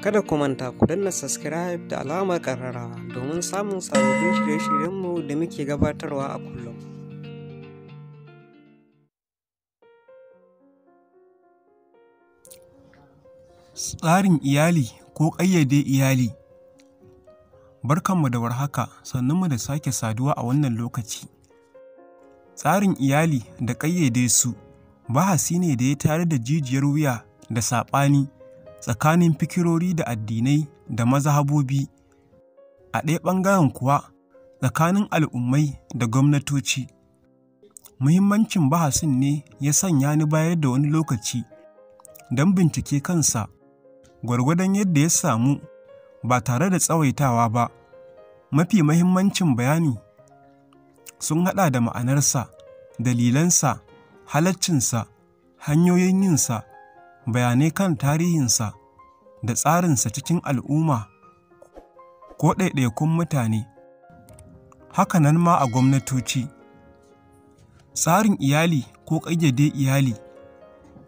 Kada ku manta ku danna subscribe da alamar ƙararrawa domin samun sababbin shirye-shiryenmu da muke gabatarwa a kullum. Tsarin iyali ko ƙayyade iyali Barkanmu da warhaka mu da sake saduwa a wannan lokaci. Tsarin iyali da ƙayyade su bahasi ne da ya tare da jijiyar wuya da saɓani. tsakanin fikirori da addinai da mazhabobi, a ɗaya ɓangaren kuwa tsakanin al'ummai da gwamnatoci. Muhimmancin bahasin ne ya sanya ni bayar da wani lokaci don bincike kansa gwargwadon yadda ya samu ba tare da tsawaitawa ba. Mafi mahimmancin bayani sun haɗa da ma'anarsa, dalilansa, halaccinsa, hanyoyin yinsa, bayanai kan tarihinsa da tsarinsa cikin al'umma ko ɗaiɗaikun mutane, Haka nan ma a gwamnatoci. Tsarin iyali ko ƙayyade iyali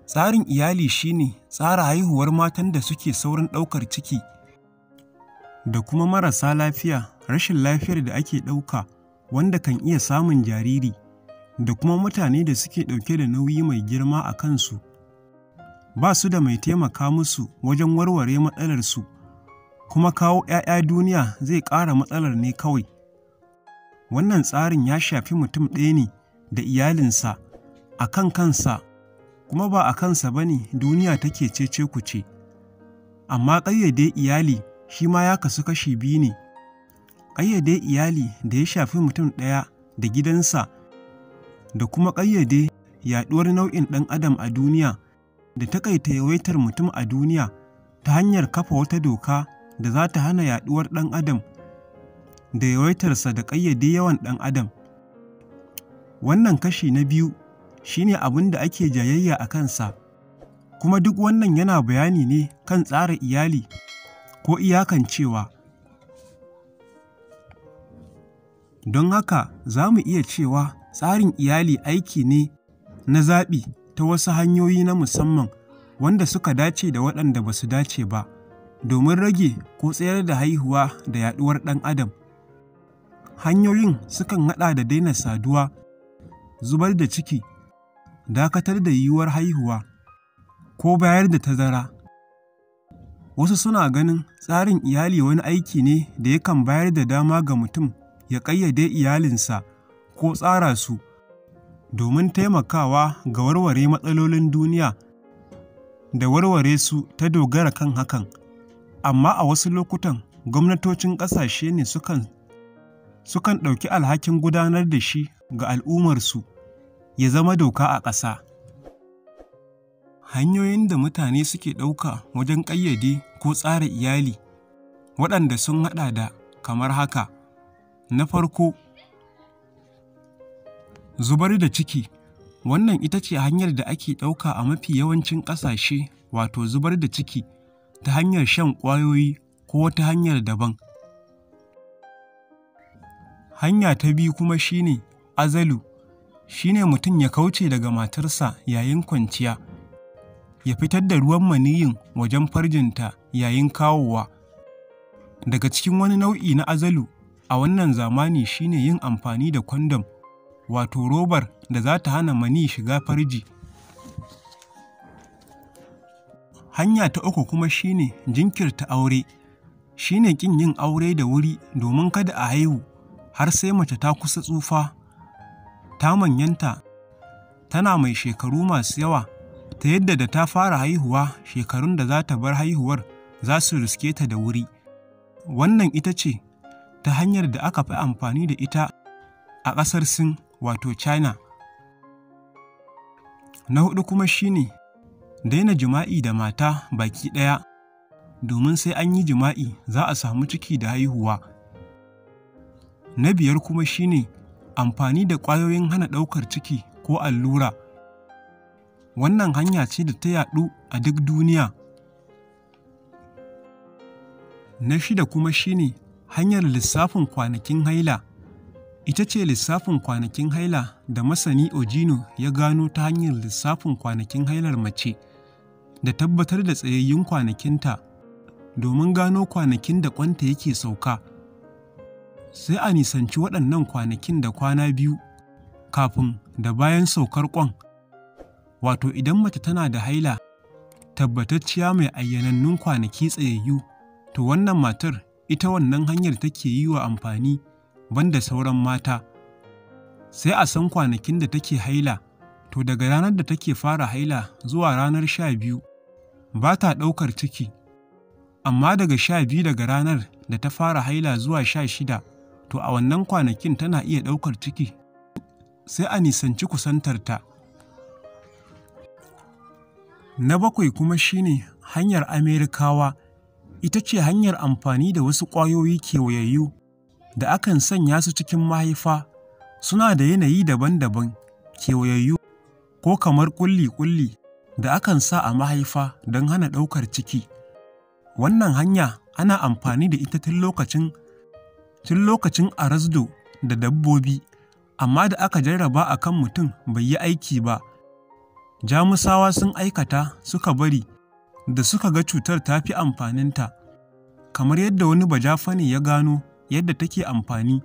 Tsarin iyali shine tsara haihuwar matan da suke saurin ɗaukar ciki da kuma marasa lafiya rashin lafiyar da ake ɗauka wanda kan iya samun jariri da kuma mutane da suke ɗauke da nauyi mai girma a kansu. ba su da mai taimaka musu wajen warware matsalarsu, kuma kawo ‘ya'ya duniya zai ƙara matsalar ne kawai. Wannan tsarin ya shafi mutum ɗaya ne da iyalinsa a kan kansa, kuma ba a kansa ba ne duniya take cece kuce. Amma ƙayyade iyali shi ma ya kasu kashi biyu ne, ƙayyade iyali da ya shafi mutum ɗaya da gidansa, da kuma ƙayyade yaɗuwar nau'in ɗan adam a duniya. da takaita yawaitar mutum a duniya ta hanyar kafa wata doka da za ta hana yaɗuwar ɗan adam da yawaitarsa da ƙayyade yawan ɗan adam wannan kashi na biyu shine abin da ake jayayya a kansa kuma duk wannan yana bayani ne kan tsara iyali ko iyakancewa don haka za mu iya cewa tsarin iyali aiki ne na zaɓi ta wasu hanyoyi na musamman wanda suka dace da waɗanda ba su dace ba domin rage ko tsayar da haihuwa da yaɗuwar ɗan adam hanyoyin sukan haɗa da daina saduwa zubar da ciki dakatar da yiwuwar haihuwa ko bayar da tazara wasu suna ganin tsarin iyali wani aiki ne da yakan bayar da dama ga mutum ya ƙayyade iyalinsa ko tsara su domin taimakawa ga warware matsalolin duniya da warware su ta dogara kan hakan, amma a wasu lokutan gwamnatocin ƙasashe ne sukan ɗauki alhakin gudanar da shi ga al'ummarsu ya zama doka a ƙasa. Hanyoyin da mutane suke ɗauka wajen ƙayyade ko tsara iyali waɗanda sun haɗa da kamar haka, na farko Zubar da ciki Wannan ita ce hanyar da ake ɗauka a mafi yawancin ƙasashe, wato zubar da ciki ta hanyar shan ƙwayoyi ko wata hanyar daban. Hanya ta biyu kuma shine azalu, shine mutum ya kauce daga matarsa yayin kwanciya, ya fitar da ruwan maniyin wajen farjinta yayin kawowa. Daga cikin wani nau'i na azalu a wannan zamani shine yin amfani da kwandam wato robar da za ta hana mani shiga farji. Hanya ta uku kuma shi ne jinkirta aure, shi ne ƙin yin aure da wuri domin kada a haihu har sai mace ta kusa tsufa, ta manyanta, tana mai shekaru masu yawa, ta yadda da ta fara haihuwa shekarun da za ta bar haihuwar za su riske ta da wuri. Wannan ita ce ta hanyar da aka fi amfani da ita a ƙasar Sin wato China. Na huɗu kuma shi ne daina jima'i da mata baki ɗaya domin sai an yi jima'i za a samu ciki da haihuwa. Na biyar kuma shi ne amfani da ƙwayoyin hana ɗaukar ciki ko allura. Wannan hanya ce da ta yaɗu a duk duniya. Na shida kuma shi ne hanyar lissafin kwanakin haila. ita ce lissafin kwanakin haila da masani Ojino ya gano ta hanyar lissafin kwanakin hailar mace da tabbatar da tsayayyun kwanakinta domin gano kwanakin da kwanta yake sauka. Sai a nisanci waɗannan kwanakin da kwana biyu kafin da bayan saukar kwan. Wato idan mace tana da haila tabbatacciya mai ayyanannun kwanaki tsayayyu, to wannan matar ita wannan hanyar take yi wa amfani. banda sauran mata sai a san kwanakin da take haila to daga ranar da take fara haila zuwa ranar sha biyu ba ta ɗaukar ciki amma daga sha biyu daga ranar da ta fara haila zuwa sha shida to a wannan kwanakin tana iya ɗaukar ciki sai a nisanci kusantarta na bakwai kuma shine hanyar amerikawa ita ce hanyar amfani da wasu ƙwayoyi kewayayyu da akan sanya su cikin mahaifa suna da yanayi daban-daban kewayayyu ko kamar ƙulli-ƙulli da akan sa a mahaifa don hana ɗaukar ciki. Wannan hanya ana amfani da ita tun lokacin tun lokacin arazdo da dabbobi, amma da aka jarraba a kan mutum bai yi aiki ba. Jamusawa sun aikata suka bari da suka ga cutar ta fi amfaninta, kamar yadda wani bajafani ya gano yadda take amfani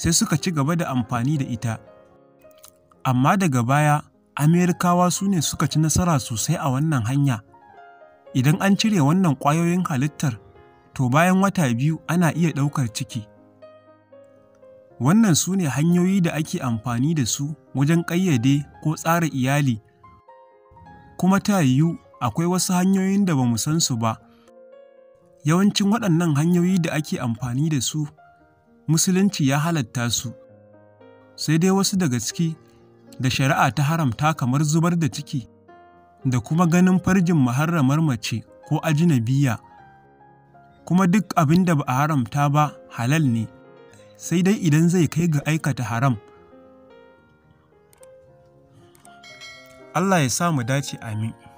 sai suka ci gaba da amfani da ita. Amma daga baya, Amerikawa su ne suka ci nasara sosai a wannan hanya. Idan an cire wannan ƙwayoyin halittar, to bayan wata biyu ana iya ɗaukar ciki. Wannan su ne hanyoyi da ake amfani da su wajen ƙayyade ko tsara iyali, kuma ta yiwu akwai wasu hanyoyin da ba mu san su ba. Yawancin waɗannan hanyoyi da ake amfani da su Musulunci ya halatta su, sai dai wasu daga ciki da shari'a ta haramta kamar zubar da ciki da kuma ganin farjin muharramar mace ko ajinabiya, kuma duk abin da ba a haramta ba halal ne, sai dai idan zai kai ga aikata haram. Allah ya sa mu dace amin.